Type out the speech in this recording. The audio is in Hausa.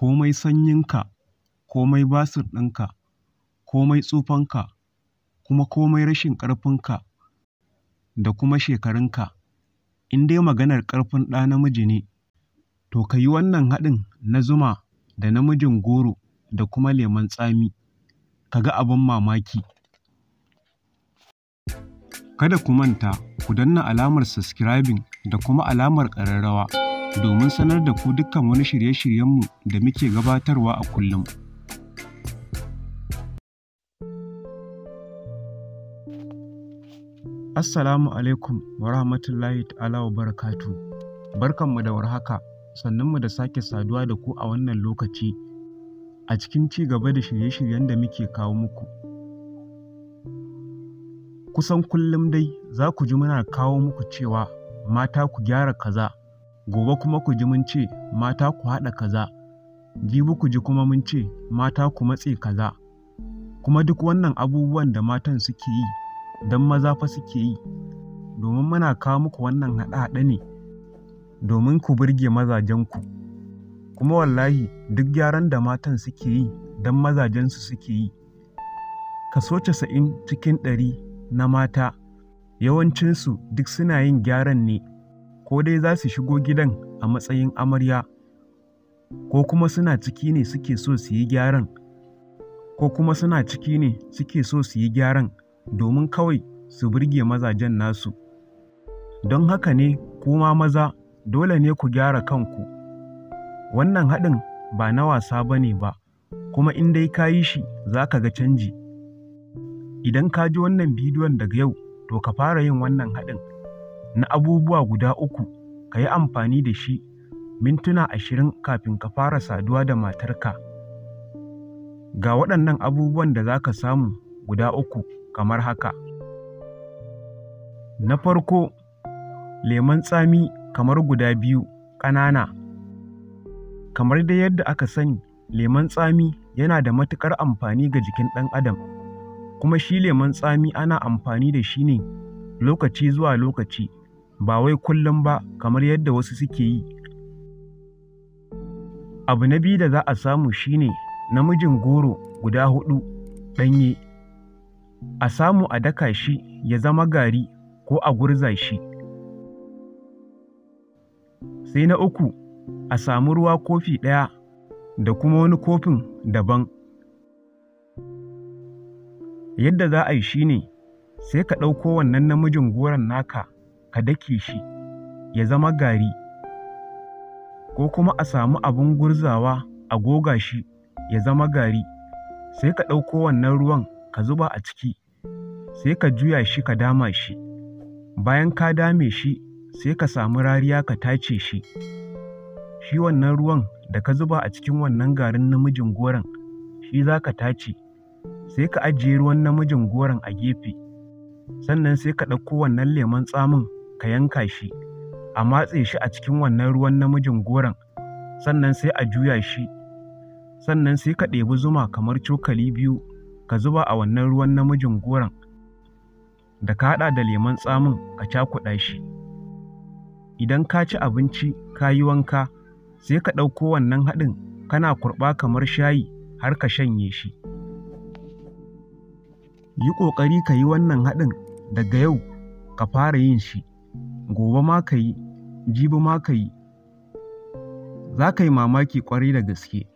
komai sanyinka, komai basir ɗinka, komai tsufanka, kuma komai rashin ƙarfinka da kuma shekarunka, in dai maganar ƙarfin ɗa namiji ne, to ka yi wannan haɗin na zuma da namijin goro da kuma lemon tsami, ka ga abin mamaki. Kada ku manta ku danna alamar subscribing da kuma alamar ƙararrawa. domin sanar da ku dukkan wani shirye-shiryenmu da muke gabatarwa a kullum. Assalamu alaikum wa rahmatullahi ta'ala wa barakatu. Barkanmu da warhaka, sannunmu da sake saduwa da ku a wannan lokaci a cikin ci gaba da shirye-shiryen da muke kawo muku. Kusan kullum dai za ku ji muna kawo muku cewa mata ku gyara kaza. gobe kuma ku ji mun ce mata ku haɗa kaza jibi ku ji kuma mun ce mata ku matse kaza kuma duk wannan abubuwan da matan suke yi don maza fa suke yi domin muna kawo muku wannan haɗe-haɗe ne domin ku burge mazajenku kuma wallahi duk gyaran da matan suke yi don mazajensu suke yi kaso casa'in cikin ɗari na mata yawancinsu duk suna yin gyaran ne ko dai za su shigo gidan a matsayin amarya ko kuma suna ciki ne suke so su yi gyaran ko kuma suna ciki ne suke so su yi gyaran domin kawai su burge mazajen nasu don haka ne kuma maza dole ne ku gyara kanku wannan haɗin ba na wasa ba ne ba kuma in dai ka yi shi za ka ga canji idan ka ji wannan bidiyon daga yau to ka fara yin wannan haɗin na abubuwa guda uku ka yi amfani da shi mintuna ashirin kafin ka fara saduwa da matarka. Ga waɗannan abubuwan da za ka samu guda uku kamar haka. Na farko, lemon tsami kamar guda biyu ƙanana. Kamar dai yadda aka sani, lemon tsami yana da matuƙar amfani ga jikin ɗan adam, kuma shi lemon tsami ana amfani da shi ne lokaci zuwa lokaci ba wai kullum ba kamar yadda wasu suke yi. Abu na biyu da za a samu shi ne namijin goro guda huɗu ɗanye, a samu a daka shi ya zama gari ko a gurza shi. Sai na uku, a samu ruwa kofi ɗaya da kuma wani kofin daban. Yadda za a yi shi ne, sai ka ɗauko wannan namijin goron naka ka dake shi ya zama gari ko kuma a samu abin gurzawa a goga shi ya zama gari sai ka ɗauko wannan ruwan ka zuba a ciki sai ka juya shi ka dama shi bayan ka dame shi sai ka samu rariya ka tace shi shi wannan ruwan da ka zuba a cikin wannan garin namijin goron shi za ka tace sai ka ajiye ruwan namijin goron a gefe sannan sai ka ɗauko wannan lemon tsamin ka yanka shi a matse shi a cikin wannan ruwan namijin goron sannan sai a juya shi sannan sai ka ɗebi zuma kamar cokali biyu ka zuba a wannan ruwan namijin goron da ka haɗa da lemon tsamin ka cakuɗa shi idan ka ci abinci ka yi wanka sai ka ɗauko wannan haɗin kana kurɓa kamar shayi har ka shanye shi yi ƙoƙari ka yi wannan haɗin daga yau ka fara yin shi gobe ma ka yi jibi ma ka yi za ka yi mamaki kwarai da gaske